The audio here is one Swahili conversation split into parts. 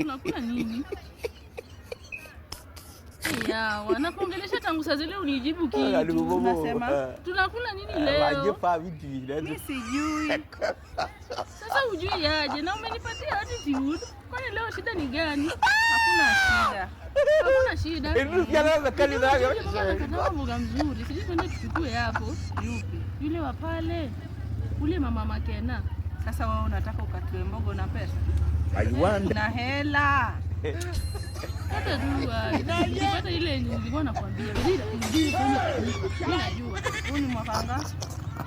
Unakula nini? Yawa, nakuongelesha tangu saa zile unijibu kitu. Unasema eh. tunakula nini eh, leo? Mimi sijui. Sasa ujui aje na umenipatia attitude. Kwani leo shida ni gani? Hakuna shida. Hakuna shida. Ndio mboga mzuri. Sisi twende tuchukue hapo. Yupi? Yule wa pale. Ule mama Makena. Sasa wewe unataka ukatue mboga na pesa? na hela hata ile yenye ulikuwa nakwambia najua huu ni mwakanga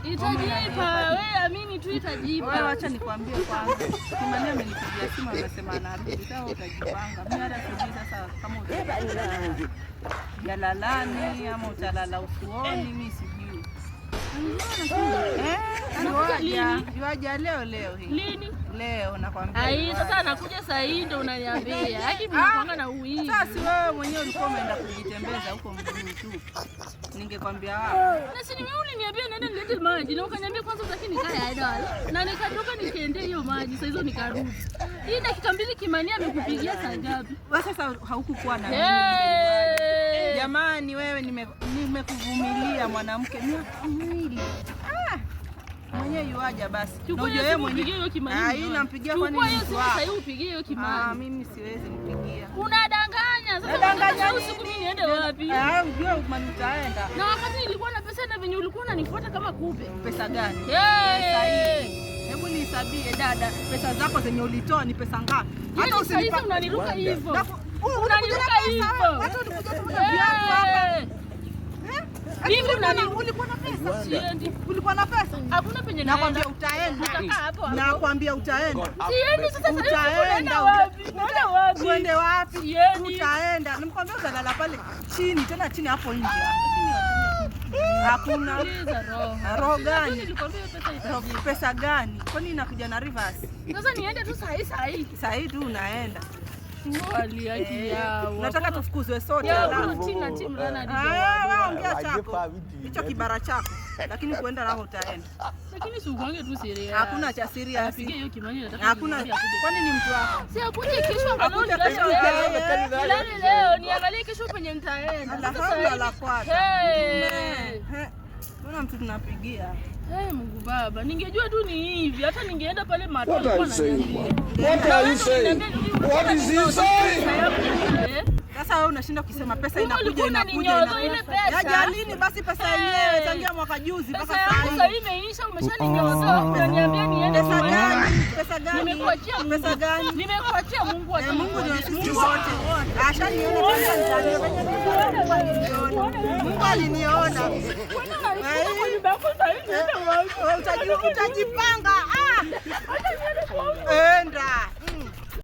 Itajipa wewe, amini tu itajipa. Wewe acha nikwambie kwanza, Kimani amenipigia simu anasema anarudi. Sasa utajipanga, mimi hata sijui sasa kama utalala jalalani ama utalala ufuoni, mimi sijui eh Juaja leo leo hii. Lini? Leo nakwambia. Ai, sasa nakuja saa hii ndo unaniambia. Haki ah, mnakuanga na uii. Sasa si wewe mwenyewe ulikuwa umeenda kujitembeza huko mjini tu. Ningekwambia wapi. Na si wewe uliniambia nenda nilete maji na ukaniambia kwanza utaki nikae idle. Na nikatoka nikaendea hiyo maji sasa hizo nikarudi. Hii dakika mbili Kimani amekupigia saa ngapi? Wewe sasa haukukuwa na mimi. Jamani wewe nimekuvumilia mwanamke miaka miwili mwenyewe yuaja basi. Ah, Nampigia ah, mimi, siwezi mpigia. Unadanganya sasa, usiku mimi niende wapi? Ah, unajua utaenda. Na wakati nilikuwa na pesa na venye ulikuwa unanifuata kama kupe. Pesa gani? Hebu nisabie dada, pesa zako zenye ulitoa ni pesa ngapi? Yaani Hata usinipa unaniruka hivyo. Unaniruka hivyo. Hata ulikuja tu hapa. Eh? Ulikuwa na Ulikuwa na pesa? Hakuna penye naenda. Nakwambia utaenda. Nakwambia utaenda. Siendi sasa. Utaenda wapi? Unaenda wapi? Uende wapi? Utaenda. Nimkwambia utalala pale chini, tena chini hapo nje. Hakuna roho gani? Pesa gani? Kwani inakuja na reverse? Sasa niende tu sahi sahi. Sahi tu unaenda. Eh, nataka tufukuzwe sote. Ah, ongea chako hicho kibara chako, lakini kuenda naho utaenda. Hakuna cha serious. Hakuna. Kwani ni mtu wako? Yaani Alhamdulillah kwa. Mbona mtu tunapigia? Hey, Mungu Baba, ningejua tu ni hivi, hata ningeenda pale matatu. What are you saying? What are you saying? What is this? Sasa wewe unashinda kusema pesa inakuja inakuja inakuja. Ya lini basi pesa eh. yenyewe tangia mwaka juzi mpaka sasa hivi imeisha umeshaninyoza. Ah. Unaniambia niende pesa gani? Nimekuachia pesa gani? Nimekuachia Mungu wa eh, Mungu ni Mungu wote. Ashaniona pesa nitaniona. Mungu aliniona. Eh, utajipanga. Ah. Enda.